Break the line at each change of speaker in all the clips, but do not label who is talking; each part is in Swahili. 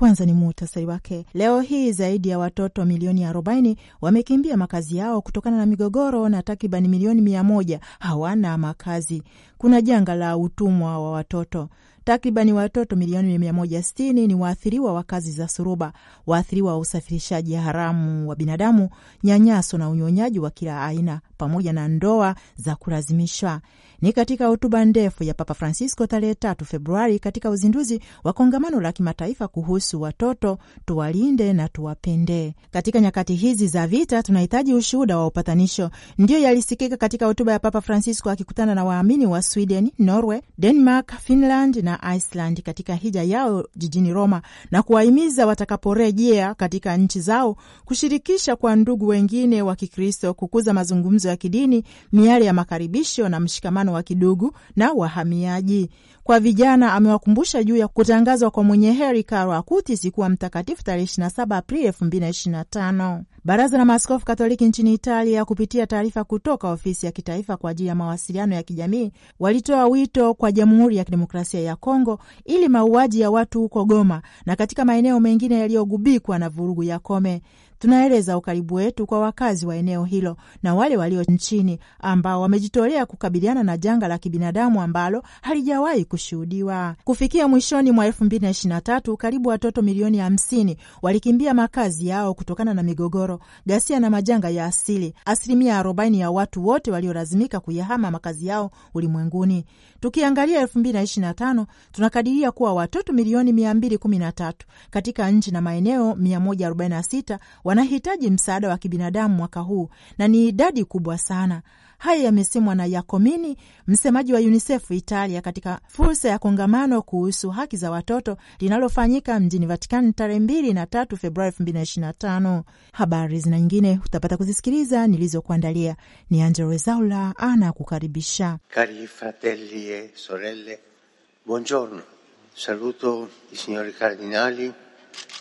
kwanza ni muhtasari wake. Leo hii zaidi ya watoto milioni arobaini wamekimbia makazi yao kutokana na migogoro na takribani milioni mia moja hawana makazi. Kuna janga la utumwa wa watoto. Takribani watoto milioni 160 ni waathiriwa wa kazi za suruba, waathiriwa wa usafirishaji haramu wa binadamu, nyanyaso na unyonyaji wa kila aina, pamoja na ndoa za kulazimishwa Ni katika hotuba ndefu ya Papa Francisco tarehe 3 Februari katika uzinduzi wa kongamano la kimataifa kuhusu watoto, tuwalinde na tuwapende. Katika nyakati hizi za vita, tunahitaji ushuhuda wa upatanisho, ndiyo yalisikika katika hotuba ya Papa Francisco akikutana na waamini wa Sweden, Norway, Denmark, Finland na Iceland katika hija yao jijini Roma na kuwahimiza watakaporejea katika nchi zao kushirikisha kwa ndugu wengine wa Kikristo kukuza mazungumzo ya kidini, miale ya makaribisho na mshikamano wa kidugu na wahamiaji kwa vijana amewakumbusha juu ya kutangazwa kwa mwenye heri Carlo Acutis kuwa mtakatifu tarehe 27 Aprili 2025. Baraza la Maaskofu Katoliki nchini Italia kupitia taarifa kutoka ofisi ya kitaifa kwa ajili ya mawasiliano ya kijamii walitoa wito kwa Jamhuri ya Kidemokrasia ya Kongo ili mauaji ya watu huko Goma na katika maeneo mengine yaliyogubikwa na vurugu yakome. Tunaeleza ukaribu wetu kwa wakazi wa eneo hilo na wale walio nchini ambao wamejitolea kukabiliana na janga la kibinadamu ambalo halijawahi kushuhudiwa. Kufikia mwishoni mwa elfu mbili na na tatu, karibu watoto milioni hamsini walikimbia makazi yao kutokana na migogoro, ghasia na majanga ya asili, asilimia arobaini ya watu wote waliolazimika kuyahama makazi yao ulimwenguni. Tukiangalia elfu mbili na na tano, tunakadiria kuwa watoto milioni mia mbili kumi na tatu katika nchi na maeneo mia moja arobaini na sita wanahitaji msaada wa kibinadamu mwaka huu na ni idadi kubwa sana. Haya yamesemwa na Yakomini, msemaji wa UNICEF Italia, katika fursa ya kongamano kuhusu haki za watoto linalofanyika mjini Vatikani tarehe mbili na tatu Februari elfu mbili na ishirini na tano. Habari zina nyingine utapata kuzisikiliza nilizokuandalia. Ni Angelo Rezaula ana kukaribisha. Cari fratelli e sorelle, buongiorno saluto i signori cardinali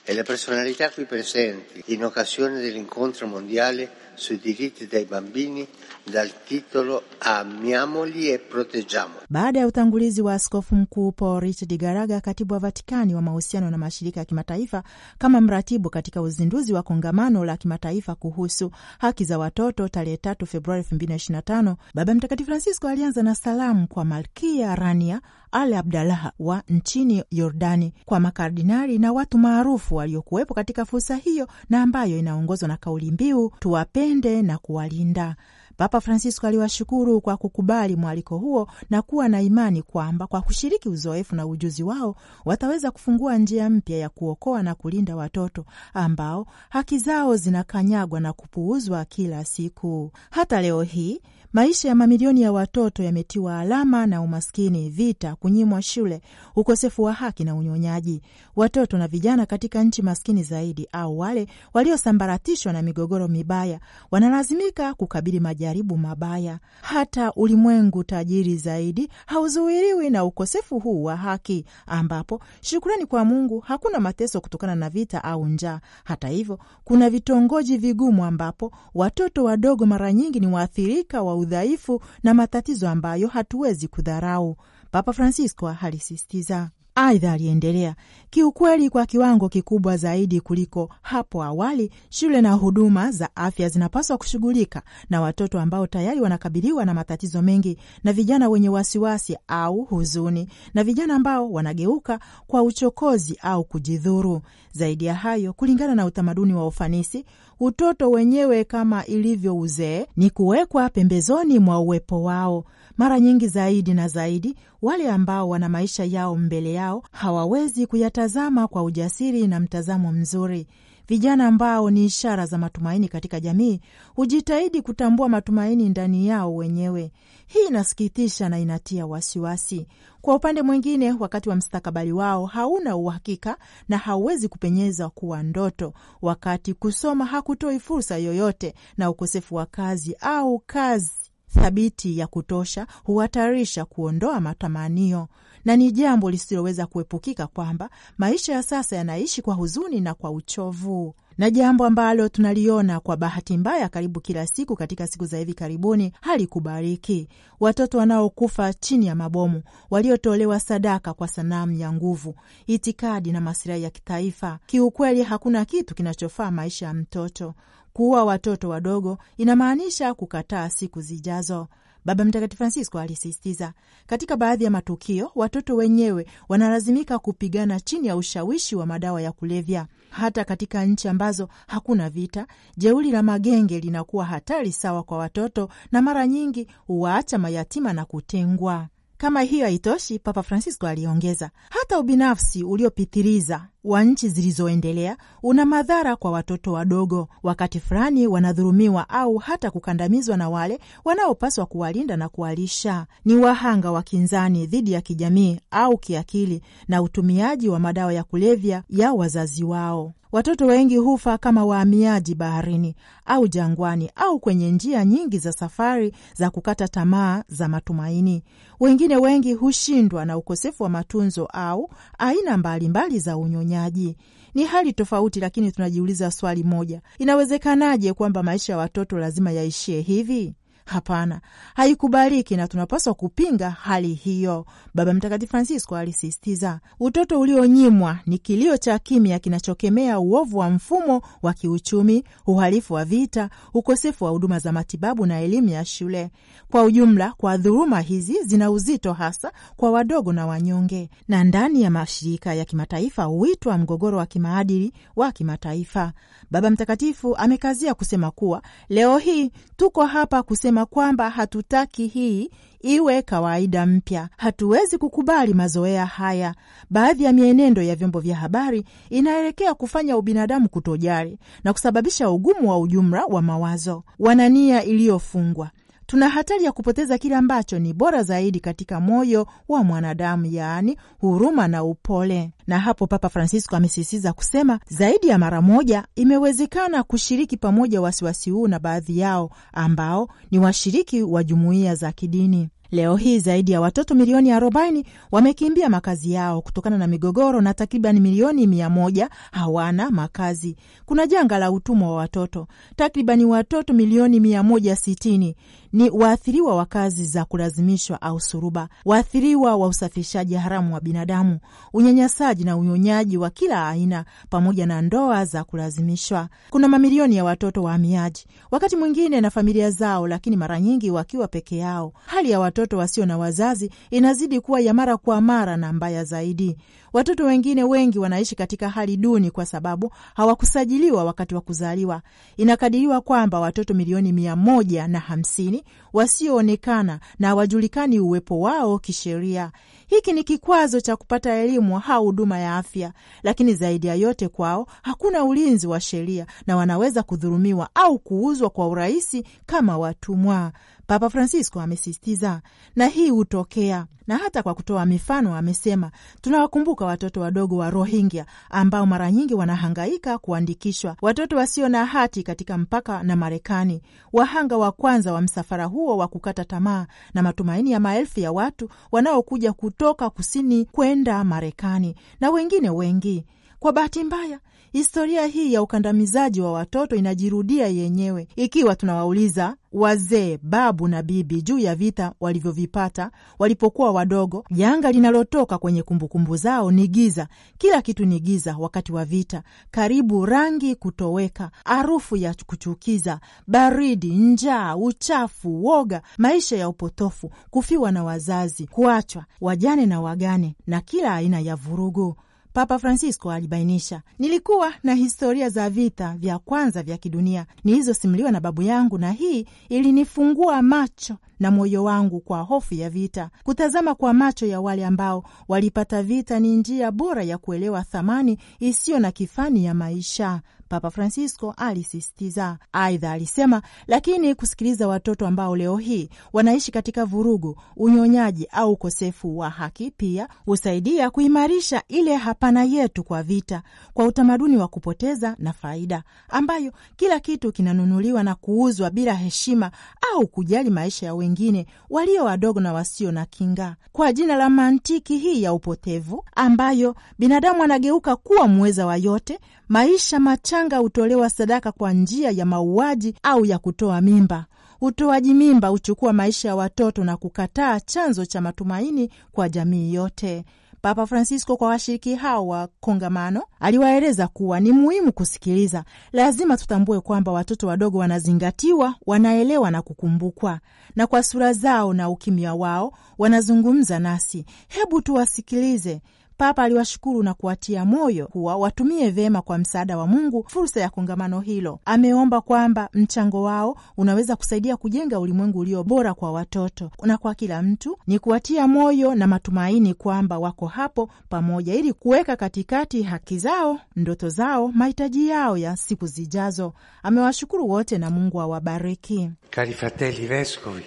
e le personalità qui presenti in occasione dell'incontro mondiale sui diritti dei bambini dal titolo Amiamoli e Proteggiamoli. Baada ya utangulizi wa askofu mkuu Paul Richard Garaga, katibu wa Vatikani wa mahusiano na mashirika ya kimataifa, kama mratibu katika uzinduzi wa kongamano la kimataifa kuhusu haki za watoto tarehe 3 Februari 2025, Baba Mtakatifu Francisco alianza na salamu kwa Malkia Rania Al Abdalah wa nchini Yordani kwa makardinali na watu maarufu waliokuwepo katika fursa hiyo na ambayo inaongozwa na kauli mbiu tuwapende na kuwalinda. Papa Francisco aliwashukuru kwa kukubali mwaliko huo na kuwa na imani kwamba kwa kushiriki uzoefu na ujuzi wao wataweza kufungua njia mpya ya kuokoa na kulinda watoto ambao haki zao zinakanyagwa na kupuuzwa kila siku. Hata leo hii Maisha ya mamilioni ya watoto yametiwa alama na umaskini, vita, kunyimwa shule, ukosefu wa haki na unyonyaji. Watoto na vijana katika nchi maskini zaidi au wale waliosambaratishwa na migogoro mibaya wanalazimika kukabili majaribu mabaya. Hata ulimwengu tajiri zaidi hauzuiriwi na ukosefu huu wa haki, ambapo shukrani kwa Mungu hakuna mateso kutokana na vita au njaa. Hata hivyo, kuna vitongoji vigumu ambapo watoto wadogo mara nyingi ni waathirika wa udhaifu na matatizo ambayo hatuwezi kudharau, Papa Francisco alisisitiza. Aidha, aliendelea kiukweli, kwa kiwango kikubwa zaidi kuliko hapo awali, shule na huduma za afya zinapaswa kushughulika na watoto ambao tayari wanakabiliwa na matatizo mengi, na vijana wenye wasiwasi au huzuni, na vijana ambao wanageuka kwa uchokozi au kujidhuru. Zaidi ya hayo, kulingana na utamaduni wa ufanisi, utoto wenyewe kama ilivyo uzee ni kuwekwa pembezoni mwa uwepo wao mara nyingi zaidi na zaidi, wale ambao wana maisha yao mbele yao hawawezi kuyatazama kwa ujasiri na mtazamo mzuri. Vijana ambao ni ishara za matumaini katika jamii hujitahidi kutambua matumaini ndani yao wenyewe. Hii inasikitisha na inatia wasiwasi Kwa upande mwingine, wakati wa mstakabali wao hauna uhakika na hauwezi kupenyeza kuwa ndoto, wakati kusoma hakutoi fursa yoyote, na ukosefu wa kazi au kazi thabiti ya kutosha huhatarisha kuondoa matamanio, na ni jambo lisiloweza kuepukika kwamba maisha ya sasa yanaishi kwa huzuni na kwa uchovu, na jambo ambalo tunaliona kwa bahati mbaya karibu kila siku katika siku za hivi karibuni halikubariki. Watoto wanaokufa chini ya mabomu, waliotolewa sadaka kwa sanamu ya nguvu, itikadi na masilahi ya kitaifa. Kiukweli, hakuna kitu kinachofaa maisha ya mtoto kuwa watoto wadogo inamaanisha kukataa siku zijazo. Baba Mtakatifu Francisco alisisitiza, katika baadhi ya matukio watoto wenyewe wanalazimika kupigana chini ya ushawishi wa madawa ya kulevya. Hata katika nchi ambazo hakuna vita, jeuri la magenge linakuwa hatari sawa kwa watoto, na mara nyingi huwaacha mayatima na kutengwa. Kama hiyo haitoshi, Papa Francisco aliongeza, hata ubinafsi uliopitiliza wa nchi zilizoendelea una madhara kwa watoto wadogo. Wakati fulani wanadhulumiwa au hata kukandamizwa na wale wanaopaswa kuwalinda na kuwalisha. Ni wahanga wa kinzani dhidi ya kijamii au kiakili na utumiaji wa madawa ya kulevya ya wazazi wao. Watoto wengi hufa kama wahamiaji baharini au jangwani au kwenye njia nyingi za safari za kukata tamaa za matumaini. Wengine wengi hushindwa na ukosefu wa matunzo au aina mbalimbali mbali za unyonyaji. Ni hali tofauti, lakini tunajiuliza swali moja: inawezekanaje kwamba maisha ya watoto lazima yaishie hivi? Hapana, haikubaliki na tunapaswa kupinga hali hiyo. Baba Mtakatifu Francisco alisisitiza, utoto ulionyimwa ni kilio cha kimya kinachokemea uovu wa mfumo wa kiuchumi, uhalifu wa vita, ukosefu wa huduma za matibabu na elimu ya shule. Kwa ujumla, kwa dhuluma hizi zina uzito hasa kwa wadogo na wanyonge, na ndani ya mashirika ya kimataifa huitwa mgogoro wa kimaadili wa kimataifa. Baba Mtakatifu amekazia kusema kuwa leo hii tuko hapa kusema kusema kwamba hatutaki hii iwe kawaida mpya. Hatuwezi kukubali mazoea haya. Baadhi ya mienendo ya vyombo vya habari inaelekea kufanya ubinadamu kutojali na kusababisha ugumu wa ujumla wa mawazo. wanania iliyofungwa tuna hatari ya kupoteza kile ambacho ni bora zaidi katika moyo wa mwanadamu, yaani huruma na upole. Na hapo Papa Francisco amesisitiza kusema zaidi ya mara moja, imewezekana kushiriki pamoja wasiwasi huu na baadhi yao ambao ni washiriki wa jumuiya za kidini. Leo hii zaidi ya watoto milioni 40 wamekimbia makazi yao kutokana na migogoro na takriban milioni mia moja hawana makazi. Kuna janga la utumwa wa watoto, takribani watoto milioni mia moja sitini ni waathiriwa wa kazi za kulazimishwa au suruba, waathiriwa wa usafirishaji haramu wa binadamu, unyanyasaji na unyonyaji wa kila aina, pamoja na ndoa za kulazimishwa. Kuna mamilioni ya watoto wahamiaji, wakati mwingine na familia zao, lakini mara nyingi wakiwa peke yao. Hali ya watoto wasio na wazazi inazidi kuwa ya mara kwa mara na mbaya zaidi. Watoto wengine wengi wanaishi katika hali duni kwa sababu hawakusajiliwa wakati wa kuzaliwa. Inakadiriwa kwamba watoto milioni mia moja na hamsini wasioonekana na hawajulikani uwepo wao kisheria. Hiki ni kikwazo cha kupata elimu au huduma ya afya, lakini zaidi ya yote kwao hakuna ulinzi wa sheria na wanaweza kudhulumiwa au kuuzwa kwa urahisi kama watumwa. Papa Francisco amesisitiza, na hii hutokea na hata kwa kutoa mifano amesema, tunawakumbuka watoto wadogo wa Rohingya ambao mara nyingi wanahangaika kuandikishwa, watoto wasio na hati katika mpaka na Marekani, wahanga wa kwanza wa msafara huo wa kukata tamaa na matumaini ya maelfu ya watu wanaokuja kutoka kusini kwenda Marekani na wengine wengi kwa bahati mbaya, historia hii ya ukandamizaji wa watoto inajirudia yenyewe ikiwa tunawauliza wazee, babu na bibi juu ya vita walivyovipata walipokuwa wadogo. Janga linalotoka kwenye kumbukumbu zao ni giza. Kila kitu ni giza wakati wa vita, karibu rangi kutoweka, harufu ya kuchukiza, baridi, njaa, uchafu, woga, maisha ya upotofu, kufiwa na wazazi, kuachwa, wajane na wagane, na kila aina ya vurugu. Papa Francisco alibainisha, nilikuwa na historia za vita vya kwanza vya kidunia nilizosimuliwa na babu yangu, na hii ilinifungua macho na moyo wangu kwa hofu ya vita. Kutazama kwa macho ya wale ambao walipata vita ni njia bora ya kuelewa thamani isiyo na kifani ya maisha. Papa Francisco alisisitiza. Aidha alisema, lakini kusikiliza watoto ambao leo hii wanaishi katika vurugu, unyonyaji au ukosefu wa haki pia husaidia kuimarisha ile hapana yetu kwa vita, kwa utamaduni wa kupoteza na faida, ambayo kila kitu kinanunuliwa na kuuzwa bila heshima au kujali maisha ya wengine walio wadogo na wasio na kinga, kwa jina la mantiki hii ya upotevu ambayo binadamu anageuka kuwa muweza wa yote Maisha machanga hutolewa sadaka kwa njia ya mauaji au ya kutoa mimba. Utoaji mimba huchukua maisha ya watoto na kukataa chanzo cha matumaini kwa jamii yote. Papa Francisco kwa washiriki hao wa kongamano aliwaeleza kuwa ni muhimu kusikiliza. Lazima tutambue kwamba watoto wadogo wanazingatiwa, wanaelewa na kukumbukwa, na kwa sura zao na ukimya wao wanazungumza nasi. Hebu tuwasikilize, Papa aliwashukuru na kuwatia moyo kuwa watumie vema kwa msaada wa Mungu fursa ya kongamano hilo. Ameomba kwamba mchango wao unaweza kusaidia kujenga ulimwengu ulio bora kwa watoto na kwa kila mtu, ni kuwatia moyo na matumaini kwamba wako hapo pamoja ili kuweka katikati haki zao, ndoto zao, mahitaji yao ya siku zijazo. Amewashukuru wote na Mungu awabariki. Cari fratelli vescovi,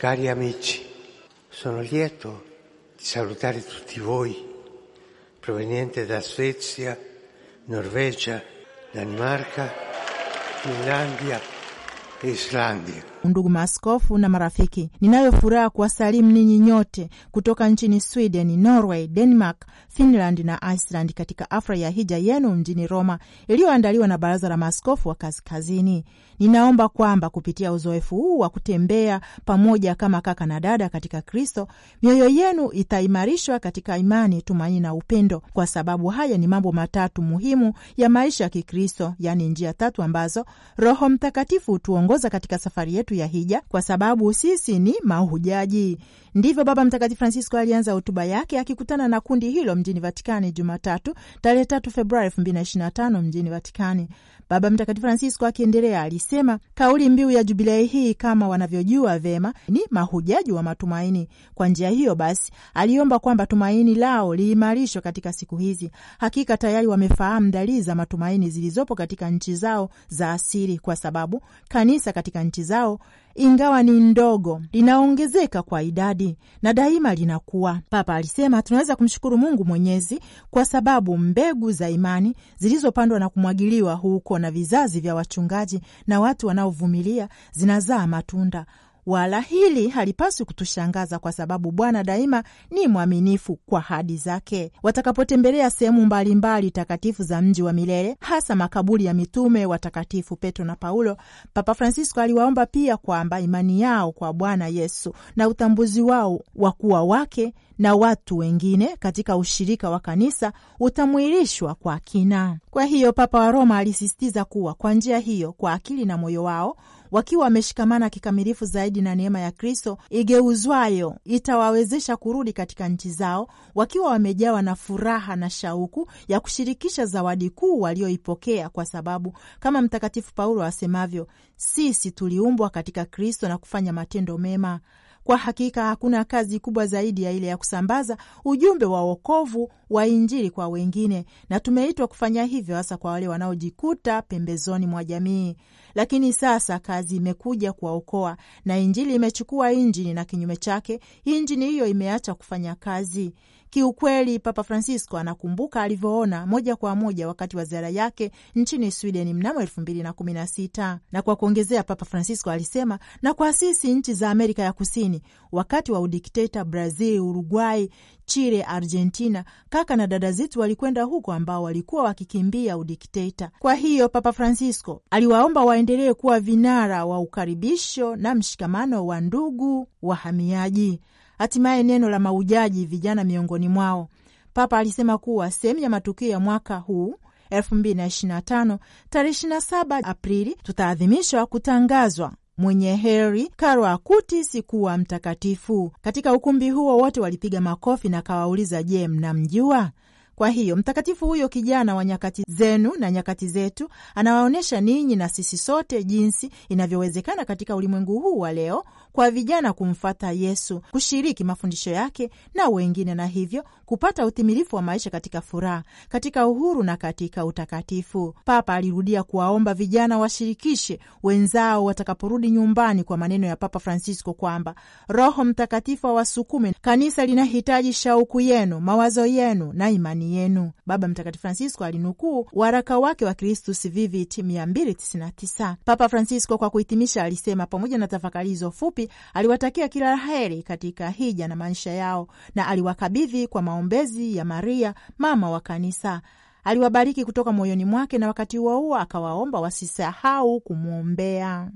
cari amici, sono lieto di salutare tutti voi proveniente da Svezia, Norvegia, Danimarca, Finlandia e Islandia. ndugu maaskofu na marafiki, ninayo furaha kuwasalimu ninyi nyote kutoka nchini Sweden, Norway, Denmark, Finland na Iceland katika afra ya hija yenu mjini Roma iliyoandaliwa na Baraza la Maaskofu wa Kaskazini. Ninaomba kwamba kupitia uzoefu huu wa kutembea pamoja kama kaka na dada katika Kristo, mioyo yenu itaimarishwa katika imani, tumaini na upendo, kwa sababu haya ni mambo matatu muhimu ya maisha ya Kikristo, yaani njia tatu ambazo Roho Mtakatifu hutuongoza katika safari yetu yetu ya hija, kwa sababu sisi ni mahujaji. Ndivyo Baba Mtakatifu Francisco alianza hotuba yake akikutana na kundi hilo mjini Vatikani Jumatatu tarehe 3 Februari 2025 mjini Vatikani. Baba Mtakatifu Francisco akiendelea alisema, kauli mbiu ya jubilei hii kama wanavyojua vema ni mahujaji wa matumaini. Kwa njia hiyo basi, aliomba kwamba tumaini lao liimarishwe katika siku hizi. Hakika tayari wamefahamu dalili za matumaini zilizopo katika nchi zao za asili, kwa sababu kanisa katika nchi zao ingawa ni ndogo, linaongezeka kwa idadi na daima linakuwa. Papa alisema tunaweza kumshukuru Mungu Mwenyezi kwa sababu mbegu za imani zilizopandwa na kumwagiliwa huko na vizazi vya wachungaji na watu wanaovumilia zinazaa matunda Wala hili halipaswi kutushangaza kwa sababu Bwana daima ni mwaminifu kwa ahadi zake. Watakapotembelea sehemu mbalimbali takatifu za mji wa milele, hasa makaburi ya mitume watakatifu Petro na Paulo, Papa Francisco aliwaomba pia kwamba imani yao kwa Bwana Yesu na utambuzi wao wa kuwa wake na watu wengine katika ushirika wa kanisa utamwilishwa kwa kina. Kwa hiyo Papa wa Roma alisisitiza kuwa kwa njia hiyo, kwa akili na moyo wao wakiwa wameshikamana kikamilifu zaidi na neema ya Kristo igeuzwayo itawawezesha kurudi katika nchi zao wakiwa wamejawa na furaha na shauku ya kushirikisha zawadi kuu walioipokea, kwa sababu kama Mtakatifu Paulo asemavyo, sisi tuliumbwa katika Kristo na kufanya matendo mema. Kwa hakika hakuna kazi kubwa zaidi ya ile ya kusambaza ujumbe wa wokovu wa Injili kwa wengine, na tumeitwa kufanya hivyo, hasa kwa wale wanaojikuta pembezoni mwa jamii lakini sasa kazi imekuja kuwaokoa, na Injili imechukua injini na kinyume chake injini hiyo imeacha kufanya kazi. Kiukweli, Papa Francisco anakumbuka alivyoona moja kwa moja wakati wa ziara yake nchini Sweden mnamo elfu mbili na kumi na sita. Na kwa kuongezea, Papa Francisco alisema na kuasisi nchi za Amerika ya Kusini wakati wa udikteta Brazil, Uruguay, Chile, Argentina. Kaka na dada zetu walikwenda huko, ambao walikuwa wakikimbia udikteta. Kwa hiyo Papa Francisco aliwaomba waendelee kuwa vinara wa ukaribisho na mshikamano wa ndugu wahamiaji. Hatimaye neno la maujaji vijana miongoni mwao. Papa alisema kuwa sehemu ya matukio ya mwaka huu 2025 tarehe 27 Aprili tutaadhimishwa kutangazwa mwenye heri Carlo Acutis kuwa mtakatifu. Katika ukumbi huo wote walipiga makofi na kawauliza, je, mnamjua? Kwa hiyo mtakatifu huyo kijana wa nyakati zenu na nyakati zetu anawaonyesha ninyi na sisi sote jinsi inavyowezekana katika ulimwengu huu wa leo kwa vijana kumfata Yesu, kushiriki mafundisho yake na wengine, na hivyo kupata utimilifu wa maisha katika furaha, katika uhuru na katika utakatifu. Papa alirudia kuwaomba vijana washirikishe wenzao watakaporudi nyumbani, kwa maneno ya Papa Francisco kwamba Roho Mtakatifu awasukume. Kanisa linahitaji shauku yenu, mawazo yenu na imani yenu. Baba Mtakatifu Francisco alinukuu waraka wake wa Christus Vivit 299. Papa Francisco kwa kuhitimisha, alisema pamoja na tafakari hizo fupi Patriarki aliwatakia kila la heri katika hija na maisha yao na aliwakabidhi kwa maombezi ya Maria mama wa Kanisa. Aliwabariki kutoka moyoni mwake na wakati huo huo akawaomba wasisahau kumwombea.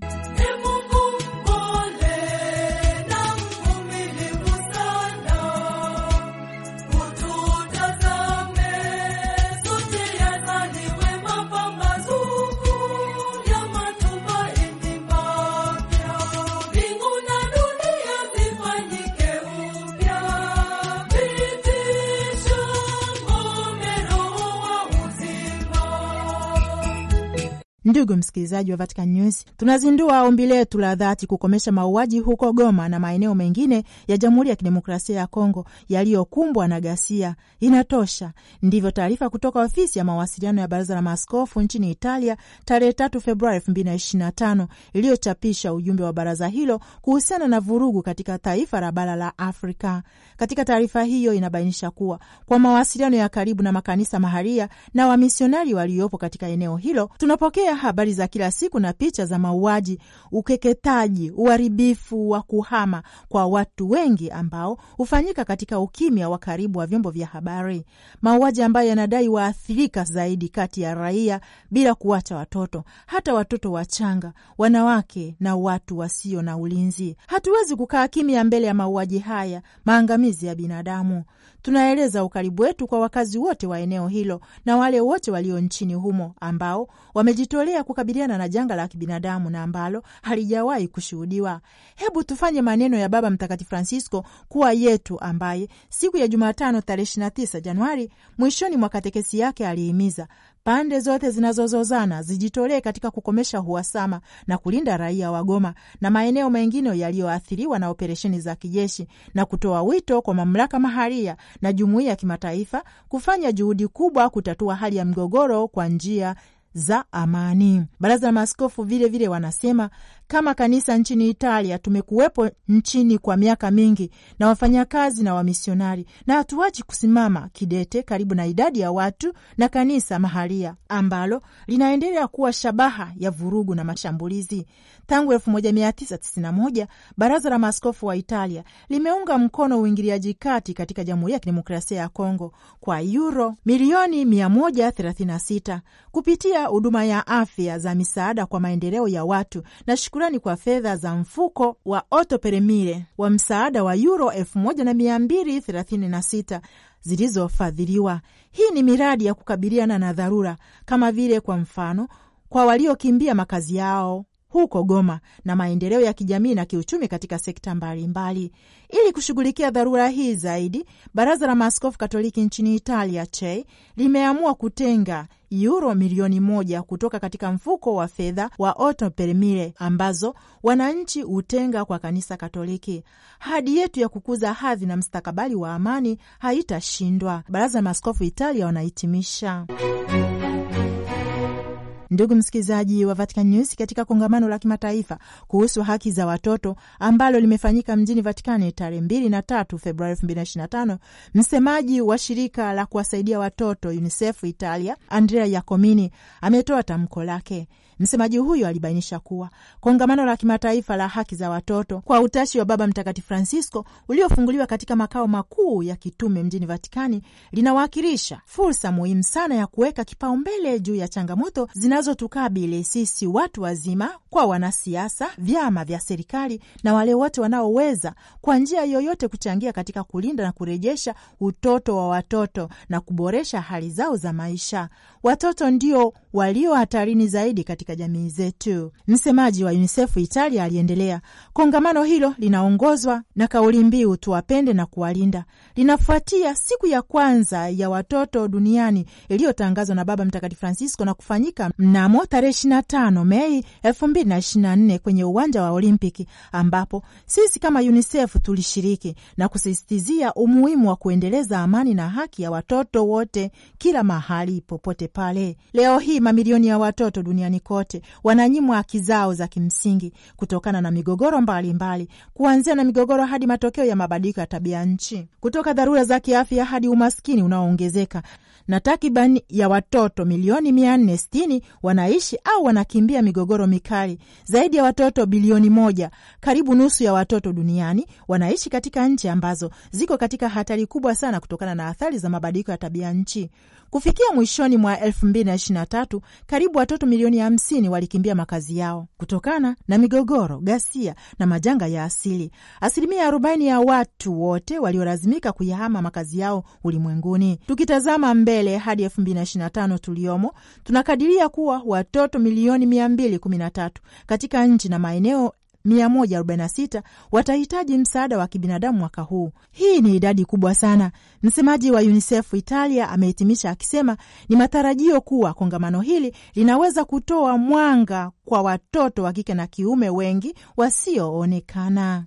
Ndugu msikilizaji wa Vatican News, tunazindua ombi letu la dhati kukomesha mauaji huko Goma na maeneo mengine ya Jamhuri ya Kidemokrasia ya Kongo yaliyokumbwa na ghasia. Inatosha! Ndivyo taarifa kutoka ofisi ya mawasiliano ya Baraza la Maaskofu nchini Italia tarehe 3 Februari 2025 iliyochapisha ujumbe wa baraza hilo kuhusiana na vurugu katika taifa la bara la Afrika. Katika taarifa hiyo inabainisha kuwa kwa mawasiliano ya karibu na makanisa maharia na wamisionari waliopo katika eneo hilo tunapokea habari za kila siku na picha za mauaji, ukeketaji, uharibifu wa kuhama kwa watu wengi ambao hufanyika katika ukimya wa karibu wa vyombo vya habari, mauaji ambayo yanadai waathirika zaidi kati ya raia, bila kuwacha watoto, hata watoto wachanga, wanawake na watu wasio na ulinzi. Hatuwezi kukaa kimya mbele ya mauaji haya, maangamizi ya binadamu. Tunaeleza ukaribu wetu kwa wakazi wote wa eneo hilo na wale wote walio nchini humo ambao wamejitolea kukabiliana na janga la kibinadamu na ambalo halijawahi kushuhudiwa. Hebu tufanye maneno ya Baba Mtakatifu Francisco kuwa yetu, ambaye siku ya Jumatano tarehe 29 Januari mwishoni mwa katekesi yake alihimiza Pande zote zinazozozana zijitolee katika kukomesha uhasama na kulinda raia wa Goma na maeneo mengine yaliyoathiriwa na operesheni za kijeshi na kutoa wito kwa mamlaka mahalia na jumuiya ya kimataifa kufanya juhudi kubwa kutatua hali ya mgogoro kwa njia za amani. Baraza la maaskofu vilevile wanasema kama kanisa nchini Italia tumekuwepo nchini kwa miaka mingi na wafanyakazi na wamisionari, na hatuwachi kusimama kidete karibu na idadi ya watu na kanisa mahalia ambalo linaendelea kuwa shabaha ya vurugu na mashambulizi. Tangu 1991 baraza la maaskofu wa Italia limeunga mkono uingiliaji kati katika Jamhuri ya Kidemokrasia ya Kongo kwa yuro milioni 136 kupitia huduma ya afya za misaada kwa maendeleo ya watu na shukrani kwa fedha za mfuko wa Otto Peremire wa msaada wa yuro 1236 zilizofadhiliwa. Hii ni miradi ya kukabiliana na dharura kama vile kwa mfano kwa waliokimbia makazi yao huko Goma na maendeleo ya kijamii na kiuchumi katika sekta mbalimbali. Ili kushughulikia dharura hii zaidi, baraza la maaskofu Katoliki nchini Italia CHEI limeamua kutenga yuro milioni moja kutoka katika mfuko wa fedha wa oto per ambazo wananchi hutenga kwa kanisa Katoliki. Hadi yetu ya kukuza hadhi na mstakabali wa amani haitashindwa, baraza la maaskofu Italia wanahitimisha Ndugu msikilizaji wa Vatican News, katika kongamano la kimataifa kuhusu haki za watoto ambalo limefanyika mjini Vatikani tarehe mbili na tatu Februari elfu mbili na ishirini na tano, msemaji wa shirika la kuwasaidia watoto UNICEF Italia Andrea yacomini ametoa tamko lake. Msemaji huyo alibainisha kuwa kongamano la kimataifa la haki za watoto kwa utashi wa Baba Mtakatifu Francisco uliofunguliwa katika makao makuu ya kitume mjini Vatikani linawakilisha fursa muhimu sana ya kuweka kipaumbele juu ya changamoto zinazotukabili sisi watu wazima, kwa wanasiasa, vyama vya serikali na wale wote wanaoweza kwa njia yoyote kuchangia katika kulinda na kurejesha utoto wa watoto na kuboresha hali zao za maisha. Watoto ndio walio hatarini zaidi katika katika jamii zetu. Msemaji wa UNICEF Italia aliendelea, kongamano hilo linaongozwa na kauli mbiu tuwapende na kuwalinda. Linafuatia siku ya kwanza ya watoto duniani iliyotangazwa na Baba Mtakatifu Francisco na kufanyika mnamo tarehe 25 Mei 2024 kwenye uwanja wa Olimpiki, ambapo sisi kama UNICEF tulishiriki na kusisitizia umuhimu wa kuendeleza amani na haki ya watoto wote kila mahali popote pale. Leo hii mamilioni ya watoto duniani kote wote wananyimwa haki zao za kimsingi kutokana na migogoro mbalimbali, kuanzia na migogoro hadi matokeo ya mabadiliko ya tabia nchi, kutoka dharura za kiafya hadi umaskini unaoongezeka na takriban ya watoto milioni mia nne sitini wanaishi au wanakimbia migogoro mikali. Zaidi ya watoto bilioni moja, karibu nusu ya watoto duniani wanaishi katika nchi ambazo ziko katika hatari kubwa sana kutokana na athari za mabadiliko ya tabia nchi. Kufikia mwishoni mwa 2023 karibu watoto milioni 50 walikimbia makazi yao kutokana na migogoro, ghasia na majanga ya asili. Asilimia 40 ya watu wote waliolazimika kuyahama makazi yao ulimwenguni. Tukitazama mbele hadi 2025 tuliomo, tunakadiria kuwa watoto milioni 213 katika nchi na maeneo 146 watahitaji msaada wa kibinadamu mwaka huu. Hii ni idadi kubwa sana. Msemaji wa UNICEF Italia amehitimisha akisema ni matarajio kuwa kongamano hili linaweza kutoa mwanga kwa watoto wa kike na kiume wengi wasioonekana.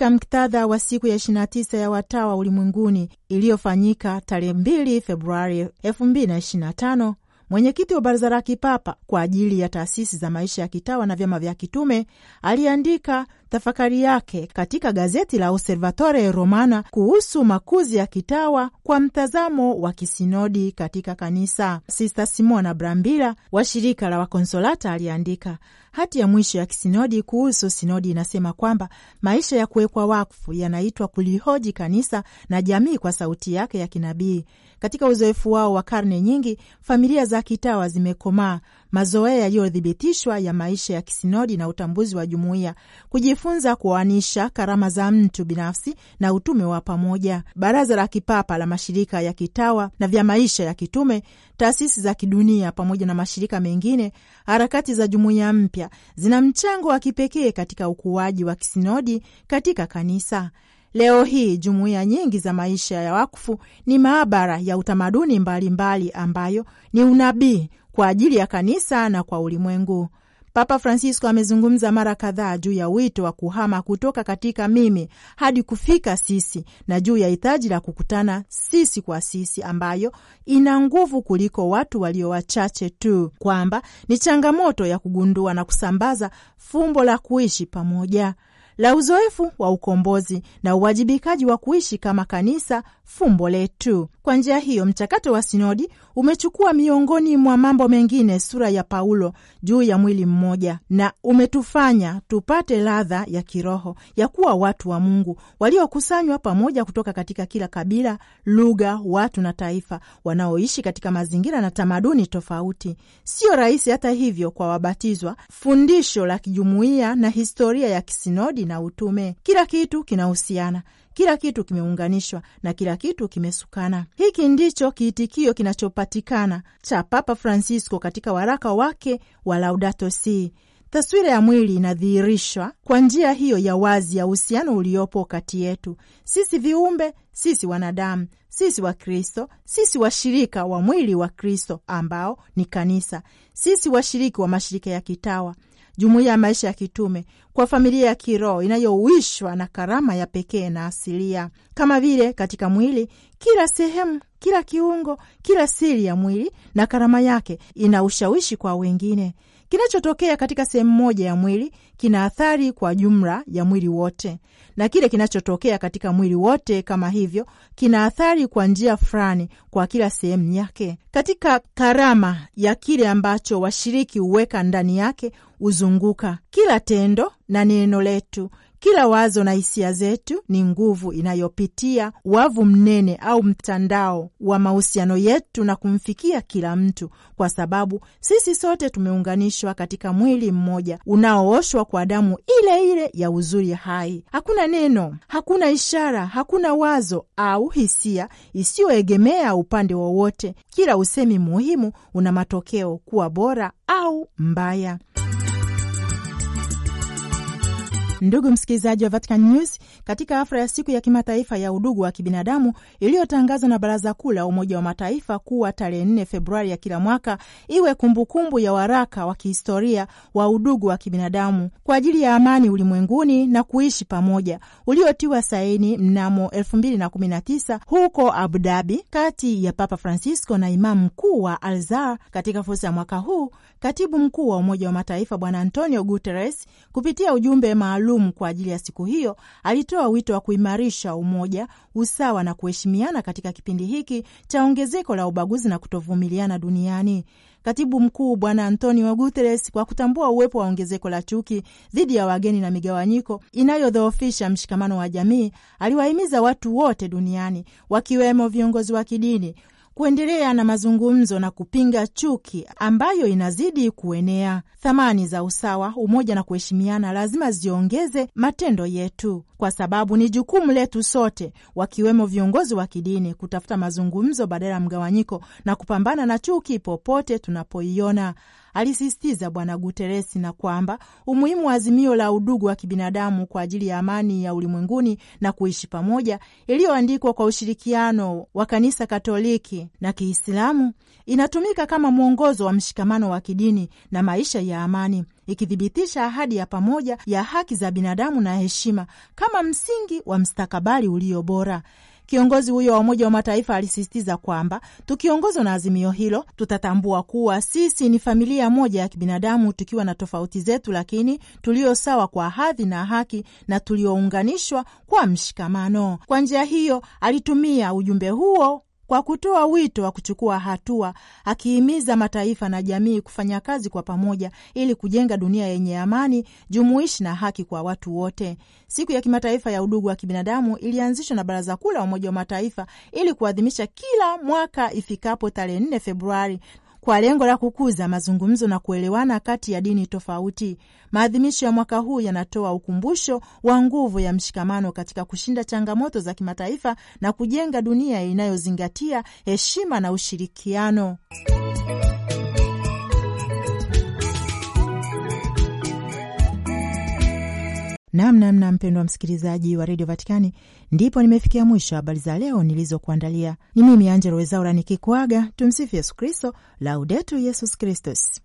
katika mktadha wa siku ya 29 ya watawa ulimwenguni iliyofanyika tarehe 2 Februari 2025, mwenyekiti wa Baraza la Kipapa kwa ajili ya taasisi za maisha ya kitawa na vyama vya kitume aliandika tafakari yake katika gazeti la Osservatore Romana kuhusu makuzi ya kitawa kwa mtazamo wa kisinodi katika kanisa. Sista Simona Brambila wa shirika la Wakonsolata aliandika hati ya mwisho ya kisinodi kuhusu sinodi inasema kwamba maisha ya kuwekwa wakfu yanaitwa kulihoji kanisa na jamii kwa sauti yake ya kinabii. Katika uzoefu wao wa karne nyingi, familia za kitawa zimekomaa mazoea yaliyothibitishwa ya maisha ya kisinodi na utambuzi wa jumuiya, kujifunza kuoanisha karama za mtu binafsi na utume wa pamoja, baraza la kipapa la mashirika ya kitawa na vya maisha ya kitume, taasisi za kidunia pamoja na mashirika mengine. Harakati za jumuiya mpya zina mchango wa kipekee katika ukuaji wa kisinodi katika kanisa. Leo hii jumuiya nyingi za maisha ya wakfu ni maabara ya utamaduni mbalimbali mbali ambayo ni unabii kwa ajili ya kanisa na kwa ulimwengu. Papa Francisco amezungumza mara kadhaa juu ya wito wa kuhama kutoka katika mimi hadi kufika sisi na juu ya hitaji la kukutana sisi kwa sisi ambayo ina nguvu kuliko watu walio wachache tu, kwamba ni changamoto ya kugundua na kusambaza fumbo la kuishi pamoja la uzoefu wa ukombozi na uwajibikaji wa kuishi kama kanisa fumbo letu. Kwa njia hiyo, mchakato wa sinodi umechukua miongoni mwa mambo mengine sura ya Paulo juu ya mwili mmoja, na umetufanya tupate ladha ya kiroho ya kuwa watu wa Mungu waliokusanywa pamoja kutoka katika kila kabila, lugha, watu na taifa, wanaoishi katika mazingira na tamaduni tofauti. Sio rahisi hata hivyo kwa wabatizwa, fundisho la kijumuiya na historia ya kisinodi na utume, kila kitu kinahusiana kila kitu kimeunganishwa na kila kitu kimesukana. Hiki ndicho kiitikio kinachopatikana cha Papa Francisco katika waraka wake wa Laudato Si. Taswira ya mwili inadhihirishwa kwa njia hiyo ya wazi ya uhusiano uliopo kati yetu sisi viumbe, sisi wanadamu, sisi Wakristo, sisi washirika wa mwili wa Kristo ambao ni kanisa, sisi washiriki wa mashirika ya kitawa jumuiya ya maisha ya kitume kwa familia ya kiroho inayowishwa na karama ya pekee na asilia, kama vile katika mwili, kila sehemu, kila kiungo, kila siri ya mwili na karama yake ina ushawishi kwa wengine Kinachotokea katika sehemu moja ya mwili kina athari kwa jumla ya mwili wote, na kile kinachotokea katika mwili wote kama hivyo kina athari kwa njia fulani kwa kila sehemu yake. Katika karama ya kile ambacho washiriki huweka ndani yake huzunguka kila tendo na neno letu kila wazo na hisia zetu ni nguvu inayopitia wavu mnene au mtandao wa mahusiano yetu na kumfikia kila mtu, kwa sababu sisi sote tumeunganishwa katika mwili mmoja unaooshwa kwa damu ile ile ya uzuri hai. Hakuna neno, hakuna ishara, hakuna wazo au hisia isiyoegemea upande wowote. Kila usemi muhimu una matokeo, kuwa bora au mbaya. Ndugu msikilizaji wa Vatican News, katika hafla ya siku ya kimataifa ya udugu wa kibinadamu iliyotangazwa na Baraza Kuu la Umoja wa Mataifa kuwa tarehe 4 Februari ya kila mwaka iwe kumbukumbu kumbu ya waraka wa kihistoria wa udugu wa kibinadamu kwa ajili ya amani ulimwenguni na kuishi pamoja uliotiwa saini mnamo 2019 huko Abu Dhabi kati ya Papa Francisco na Imamu Mkuu wa Alzar katika fursa ya mwaka huu Katibu mkuu wa Umoja wa Mataifa Bwana Antonio Guterres, kupitia ujumbe maalum kwa ajili ya siku hiyo, alitoa wito wa kuimarisha umoja, usawa na kuheshimiana katika kipindi hiki cha ongezeko la ubaguzi na kutovumiliana duniani. Katibu mkuu Bwana Antonio Guterres, kwa kutambua uwepo wa ongezeko la chuki dhidi ya wageni na migawanyiko inayodhoofisha mshikamano wa jamii, aliwahimiza watu wote duniani, wakiwemo viongozi wa kidini kuendelea na mazungumzo na kupinga chuki ambayo inazidi kuenea. Thamani za usawa, umoja na kuheshimiana lazima ziongeze matendo yetu, kwa sababu ni jukumu letu sote, wakiwemo viongozi wa kidini, kutafuta mazungumzo badala ya mgawanyiko na kupambana na chuki popote tunapoiona alisisitiza Bwana Guteresi, na kwamba umuhimu wa azimio la udugu wa kibinadamu kwa ajili ya amani ya ulimwenguni na kuishi pamoja iliyoandikwa kwa ushirikiano wa Kanisa Katoliki na Kiislamu inatumika kama mwongozo wa mshikamano wa kidini na maisha ya amani ikithibitisha ahadi ya pamoja ya haki za binadamu na heshima kama msingi wa mstakabali ulio bora. Kiongozi huyo wa Umoja wa Mataifa alisisitiza kwamba tukiongozwa na azimio hilo tutatambua kuwa sisi ni familia moja ya kibinadamu, tukiwa na tofauti zetu, lakini tulio sawa kwa hadhi na haki na tuliounganishwa kwa mshikamano. Kwa njia hiyo, alitumia ujumbe huo kwa kutoa wito wa kuchukua hatua, akihimiza mataifa na jamii kufanya kazi kwa pamoja ili kujenga dunia yenye amani, jumuishi na haki kwa watu wote. Siku ya kimataifa ya udugu wa kibinadamu ilianzishwa na Baraza Kuu la Umoja wa Mataifa ili kuadhimisha kila mwaka ifikapo tarehe 4 Februari kwa lengo la kukuza mazungumzo na kuelewana kati ya dini tofauti. Maadhimisho ya mwaka huu yanatoa ukumbusho wa nguvu ya mshikamano katika kushinda changamoto za kimataifa na kujenga dunia inayozingatia heshima na ushirikiano. Namnamna mpendwa msikilizaji wa redio Vatikani, Ndipo nimefikia mwisho habari za leo nilizokuandalia. Ni mimi Angelo Wezaura nikikuaga. Tumsifu Yesu Kristo, Laudetu Yesus Kristus.